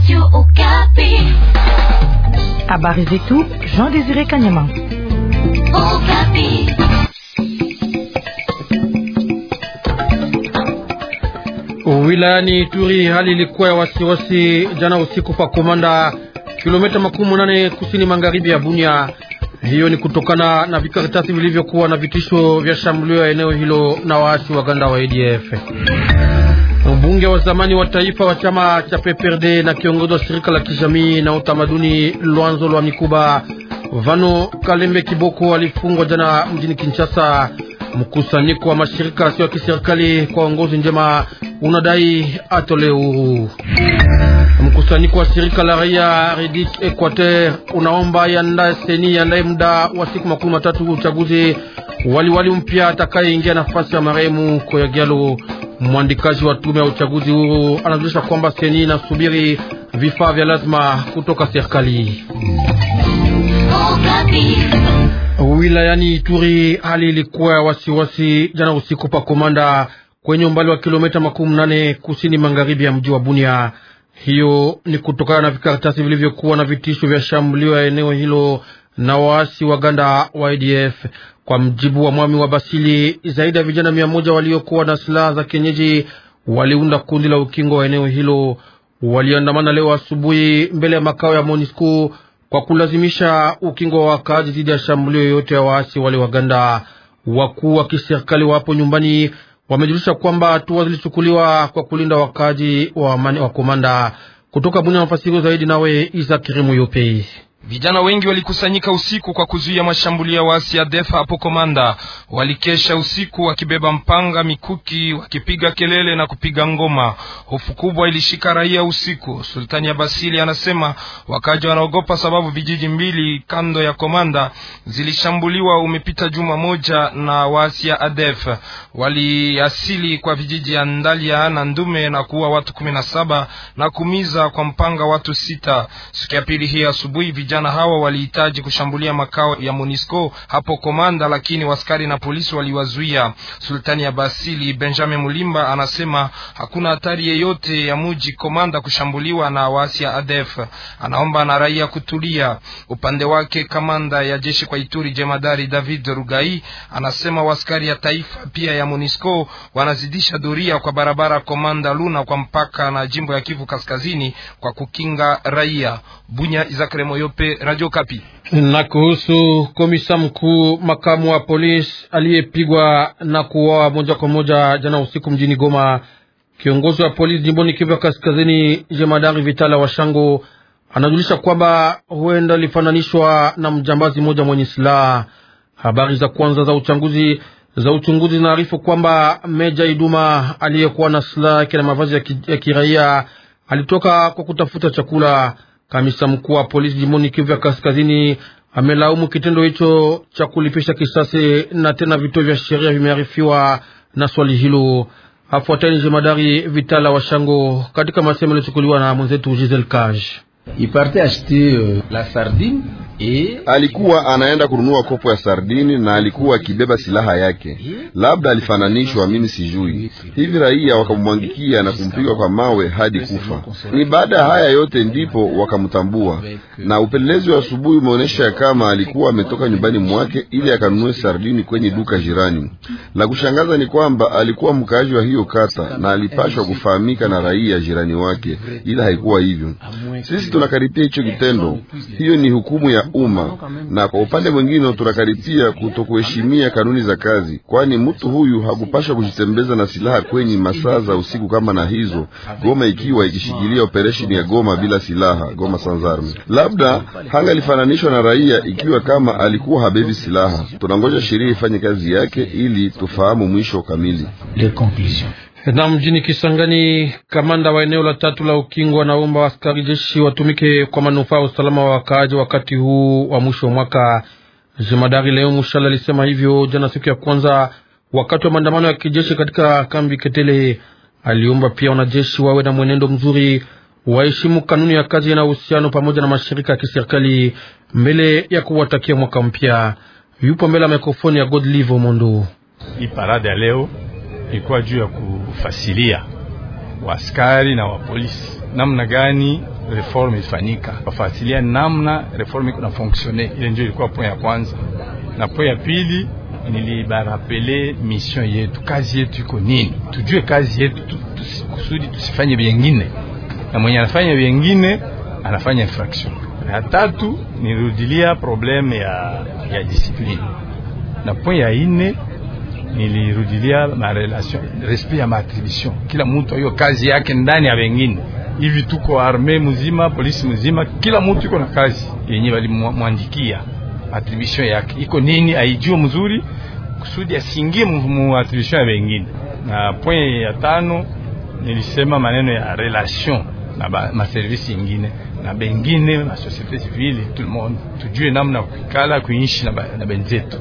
Radio Okapi. Habari zetu Jean Désiré Kanyama. Okapi. Wilayani Ituri hali ilikuwa ya wasiwasi jana usiku pa Komanda, kilomita makumi nane kusini magharibi ya Bunia. Hiyo ni kutokana na vikaratasi vilivyokuwa na vitisho vya shambulio ya eneo hilo na waasi wa ganda wa ADF. Mbunge wa zamani wa taifa wa chama cha PPRD na kiongozi wa shirika la kijamii na utamaduni Lwanzo lwa Mikuba Vano Kalembe Kiboko alifungwa jana mjini Kinshasa. Mkusanyiko wa mashirika sio ya kiserikali kwa uongozi njema unadai atole huru. Mkusanyiko wa shirika la raia Redik Equateur unaomba yandae seni yandae muda wa siku makumi matatu uchaguzi waliwali mpya atakayeingia nafasi ya marehemu Koyagalo. Mwandikaji wa tume ya uchaguzi huru anajulisha kwamba seni inasubiri vifaa vya lazima kutoka serikali. Wilayani Ituri hali ilikuwa ya wasiwasi jana usiku pa Komanda, kwenye umbali wa kilomita makumi nane kusini magharibi ya mji wa Bunia. Hiyo ni kutokana na vikaratasi vilivyokuwa na vitisho vya shambulio ya eneo hilo na waasi wa Ganda wa ADF. Kwa mjibu wa mwami wa Basili, zaidi ya vijana mia moja waliokuwa na silaha za kienyeji waliunda kundi la ukingo wa eneo hilo. Waliandamana leo asubuhi mbele ya makao ya MONUSCO kwa kulazimisha ukingo wa wakaaji dhidi ya shambulio yoyote ya waasi wale wa Ganda. Wakuu wa kiserikali wapo nyumbani wamejulisha kwamba hatua zilichukuliwa kwa kulinda wakaaji wa amani wa Komanda. Kutoka Bunia, mafasirio zaidi nawe Isa Kirimu Vijana wengi walikusanyika usiku kwa kuzuia mashambulio ya waasi ya defa hapo Komanda. Walikesha usiku wakibeba mpanga, mikuki, wakipiga kelele na kupiga ngoma. Hofu kubwa ilishika raia usiku. Sultani ya Basili anasema wakaja wanaogopa, sababu vijiji mbili kando ya Komanda zilishambuliwa umepita juma moja na waasi ya ADF. Waliasili kwa vijiji ya Ndalia na Ndume na kuua watu kumi na saba na kumiza kwa mpanga watu sita. Siku ya pili hii asubuhi vijana hawa walihitaji kushambulia makao ya monisco hapo Komanda, lakini waskari na polisi waliwazuia. Sultani ya Basili Benjamin Mulimba anasema hakuna hatari yeyote ya muji Komanda kushambuliwa na waasi ya ADF. Anaomba na raia kutulia. Upande wake kamanda ya jeshi kwa Ituri jemadari David Rugai anasema waskari ya taifa pia ya monisco wanazidisha doria kwa barabara Komanda Luna kwa mpaka na jimbo ya Kivu Kaskazini kwa kukinga raia. Bunya Izakremoyo Kipe, Radio Kapi. Na kuhusu komisa mkuu makamu wa polisi aliyepigwa na kuuawa moja kwa moja jana usiku mjini Goma, kiongozi wa polisi jimboni Kivu ya Kaskazini, jemadari Vitala wa Shango anajulisha kwamba huenda alifananishwa na mjambazi mmoja mwenye silaha. Habari za kwanza za uchanguzi za uchunguzi zinaarifu kwamba meja Iduma aliyekuwa na silaha yake na mavazi ya kiraia alitoka kwa kutafuta chakula. Kamisa mkuu wa polisi jimboni Kivu ya Kaskazini amelaumu kitendo hicho cha kulipisha kisasi na tena vituo vya sheria vimearifiwa na swali hilo. Afuatani jemadari Vitala wa Shango katika masemo yaliyochukuliwa na mwenzetu Gisel Kaj. Euh, alikuwa anaenda kununua kopo ya sardini na alikuwa akibeba silaha yake, labda alifananishwa, mimi sijui. Hivi raia wakamwangikia na kumpiga kwa mawe hadi kufa. Ni baada ya haya yote ndipo wakamtambua, na upelelezi wa asubuhi umeonyesha kama alikuwa ametoka nyumbani mwake ili akanunue sardini kwenye duka jirani. La kushangaza ni kwamba alikuwa mkaaji wa hiyo kata na alipashwa kufahamika na raia jirani wake, ila haikuwa hivyo. Sisi sisi tunakaribia hicho kitendo, hiyo ni hukumu ya umma, na kwa upande mwingine tunakaribia kutokuheshimia kanuni za kazi, kwani mtu huyu hakupashwa kujitembeza na silaha kwenye masaa za usiku kama na hizo Goma, ikiwa ikishikilia operesheni ya Goma bila silaha, Goma Sanzarme. Labda hali hangalifananishwa na raia ikiwa kama alikuwa habebi silaha. Tunangoja sheria ifanye kazi yake ili tufahamu mwisho kamili. Na mjini Kisangani, kamanda wa eneo la tatu la Ukingo anaomba askari jeshi watumike kwa manufaa ya usalama wa wakaaji wakati huu wa mwisho wa mwaka. Jemadari Leo Mushala alisema hivyo jana, siku ya kwanza, wakati wa maandamano ya kijeshi katika kambi Ketele. Aliomba pia wanajeshi wawe na mwenendo mzuri, waheshimu kanuni ya kazi na uhusiano pamoja na mashirika ya kiserikali mbele ya kuwatakia mwaka mpya. Yupo mbele ya mikrofoni ya Godlive Mondo. Hii parade ya leo ikuwa juu ya ku kufasilia waskari na wapolisi namna gani reforme ifanyika, wafasilia namna reforme iko na fonctionne. Ile ndio ilikuwa point ya kwanza, na point ya pili nilibarapele mission yetu, kazi yetu iko nini, tujue kazi yetu tusi, kusudi tusifanye vyengine, na mwenye anafanya vyengine anafanya infraction. Ya tatu nirudilia probleme ya, ya discipline, na point ya ine nilirudilia marelation respect ya maattribution, kila mtu hiyo kazi yake ndani ya wengine hivi. Tuko arme mzima, polisi mzima, kila mtu iko na kazi yenye walimwandikia attribution yake iko nini, aijue mzuri kusudi asingie mu ya wengine. Na point ya tano nilisema maneno ya relation na maservisi ingine na bengine na societe civile, tout le monde tujue namna kukala kuishi na benzetu.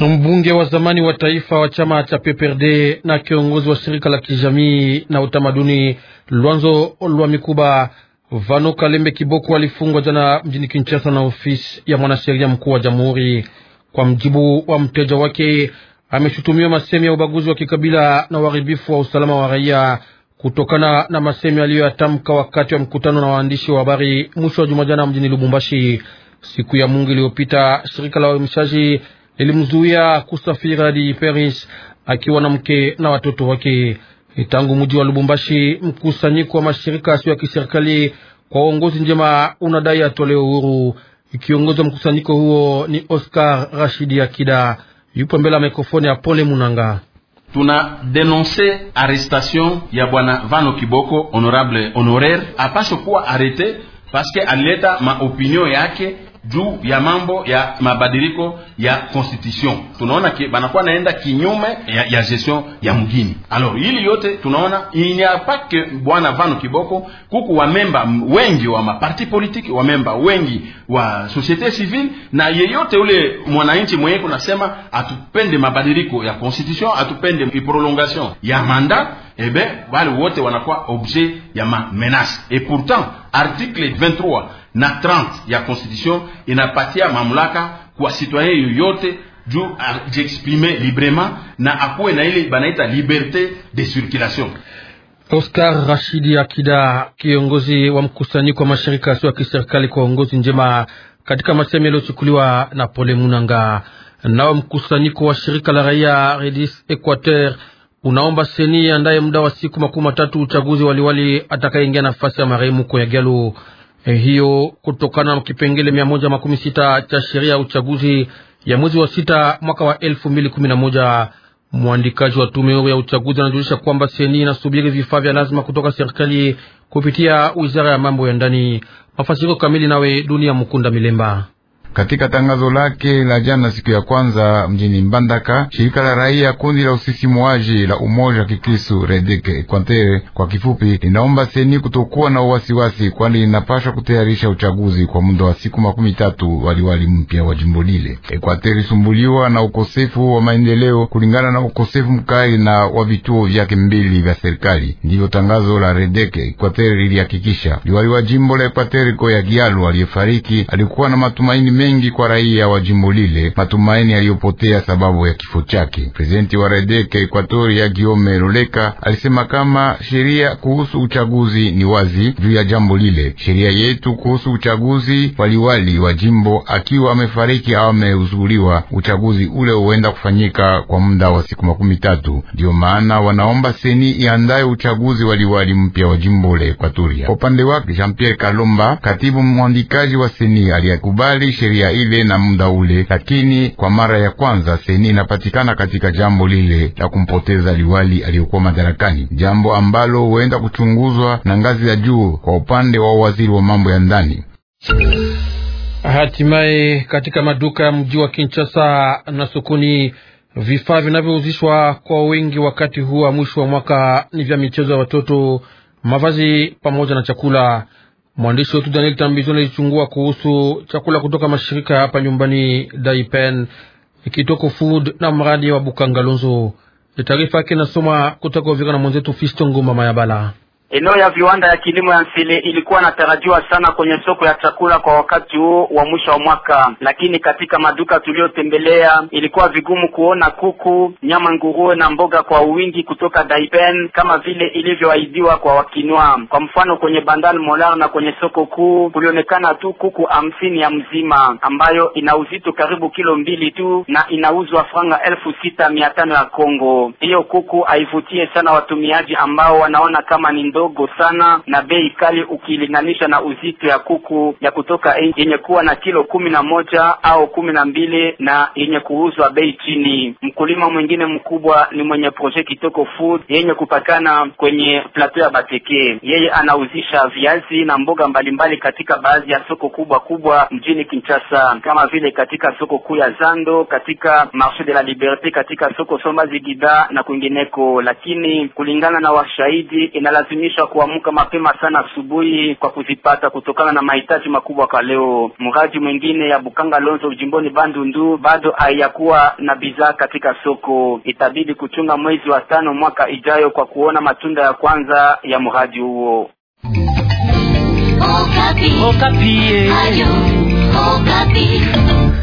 Mbunge wa zamani wa taifa wa chama cha PPRD na kiongozi wa shirika la kijamii na utamaduni Lwanzo Lwa Mikuba Vano Kalembe Kiboko alifungwa jana mjini Kinshasa na ofisi ya mwanasheria mkuu wa jamhuri. Kwa mjibu wa mteja wake, ameshutumiwa masemi ya ubaguzi wa kikabila na uharibifu wa usalama wa raia kutokana na masemi aliyoyatamka wakati wa mkutano na waandishi wa habari mwisho wa juma jana mjini Lubumbashi. Siku ya Mungu iliyopita, shirika la uelimishaji ilimzuia kusafiri hadi Paris akiwa na mke na watoto wake. Tangu mji wa Lubumbashi, mkusanyiko wa mashirika asio ya kiserikali kwa uongozi njema unadai atolewe uhuru. Kiongozi wa mkusanyiko huo ni Oscar Rashidi Akida, yupo mbele ya mikrofoni ya Pole Munanga. Tuna denonse arrestation ya bwana Vano Kiboko, honorable honoraire apashe kuwa arete paske alileta maopinio yake juu ya mambo ya mabadiliko ya constitution. Tunaona ke banakuwa naenda kinyume ya, ya gestion ya mgini. Alors hili yote tunaona inyapake bwana Vanu Kiboko kuku wamemba wengi wa maparti politiki, wamemba wengi wa societe civile, na yeyote ule mwananchi mwenye kunasema atupende mabadiliko ya constitution, atupende prolongation ya manda, ebe eh wale wote wanakuwa objet ya ma menace et pourtant article 23 na 30 ya constitution inapatia mamlaka kwa citoyen yoyote juu ajiexprime librement na akuwe na ile banaita liberté de circulation. Oscar Rashidi Akida, kiongozi wa mkusanyiko wa mashirika yasiyo ya kiserikali kwa uongozi njema, katika masemi yaliyochukuliwa na Pole Munanga nao mkusanyiko wa shirika la raia Redis Equateur unaomba seni andaye muda wa siku makumi matatu uchaguzi waliwali atakayeingia nafasi ya marehemu Koyagalo. Eh, hiyo kutokana na kipengele mia moja makumi sita cha sheria ya uchaguzi ya mwezi wa sita mwaka wa elfu mbili kumi na moja. Mwandikaji wa tume huru ya uchaguzi anajulisha kwamba seni inasubiri vifaa vya lazima kutoka serikali kupitia wizara ya mambo ya ndani. Mafasiko kamili nawe Dunia Mukunda Milemba. Katika tangazo lake la jana siku ya kwanza mjini Mbandaka, shirika la raia kundi la usisimuaji la umoja wa kikristu Redek Equateur kwa kifupi, linaomba seni kutokuwa na uwasiwasi, kwani linapashwa kutayarisha uchaguzi kwa muda wa siku makumi tatu waliwali mpya wa jimbo lile. Equateur isumbuliwa na ukosefu wa maendeleo kulingana na ukosefu mkali na wa vituo vyake mbili vya serikali, ndivyo tangazo la Redek Equateur lilihakikisha. Liwali wa jimbo la Equateur Koyagialu aliyefariki alikuwa na matumaini mengi kwa raia wa jimbo lile, matumaini yaliyopotea sababu ya kifo chake. Prezidenti wa Redeke ya Giome Loleka alisema kama sheria kuhusu uchaguzi ni wazi juu ya jambo lile. Sheria yetu kuhusu uchaguzi waliwali wa jimbo akiwa amefariki au amehuzuliwa, uchaguzi ule huenda kufanyika kwa muda wa siku makumi tatu. Ndiyo maana wanaomba seni iandaye uchaguzi waliwali mpya wa jimbo la Ekwatoria. Kwa upande wake Jean Pierre Kalomba, katibu mwandikaji wa seni, aliyekubali sheria sheria ile na muda ule, lakini kwa mara ya kwanza seni inapatikana katika jambo lile la kumpoteza liwali aliyokuwa madarakani, jambo ambalo huenda kuchunguzwa na ngazi ya juu kwa upande wa waziri wa mambo ya ndani. Hatimaye, katika maduka ya mji wa Kinshasa na sokoni, vifaa vinavyouzishwa kwa wingi wakati huu wa mwisho wa mwaka ni vya michezo ya watoto, mavazi pamoja na chakula. Mwandishi wetu Daniel Tambizo alichungua kuhusu chakula kutoka mashirika hapa nyumbani Daipen, Kitoko Food na mradi wa Bukangalonzo. Taarifa yake nasoma kutoka Uvira na mwenzetu Fisto Ngumba Mayabala. Eneo ya viwanda ya kilimo ya Nsele ilikuwa natarajiwa sana kwenye soko ya chakula kwa wakati huo wa mwisho wa mwaka, lakini katika maduka tuliyotembelea ilikuwa vigumu kuona kuku, nyama nguruwe na mboga kwa wingi kutoka daipen kama vile ilivyoahidiwa kwa wakinwa. Kwa mfano, kwenye Bandal Molar na kwenye soko kuu kulionekana tu kuku hamsini ya mzima ambayo ina uzito karibu kilo mbili tu na inauzwa franga elfu sita mia tano ya Kongo. Hiyo kuku haivutie sana watumiaji ambao wanaona kama ni ndo ndogo sana na bei kali ukilinganisha na uzito ya kuku ya kutoka yenye kuwa na kilo kumi na moja au kumi na mbili na yenye kuuzwa bei chini. Mkulima mwingine mkubwa ni mwenye proje Kitoko Food yenye kupatikana kwenye plateau ya Bateke. Yeye anauzisha viazi na mboga mbalimbali katika baadhi ya soko kubwa kubwa mjini Kinshasa kama vile katika soko kuu ya Zando, katika Marche de la Liberté, katika soko Somba Zigida na kwingineko, lakini kulingana na washahidi inalazimika tunalazimisha kuamka mapema sana asubuhi kwa kuzipata kutokana na mahitaji makubwa kwa leo. Mradi mwingine ya Bukanga Lonzo jimboni Bandundu bado haiyakuwa na bidhaa katika soko, itabidi kuchunga mwezi wa tano mwaka ijayo kwa kuona matunda ya kwanza ya mradi huo. Okapi. Okapi. Ayu, Okapi.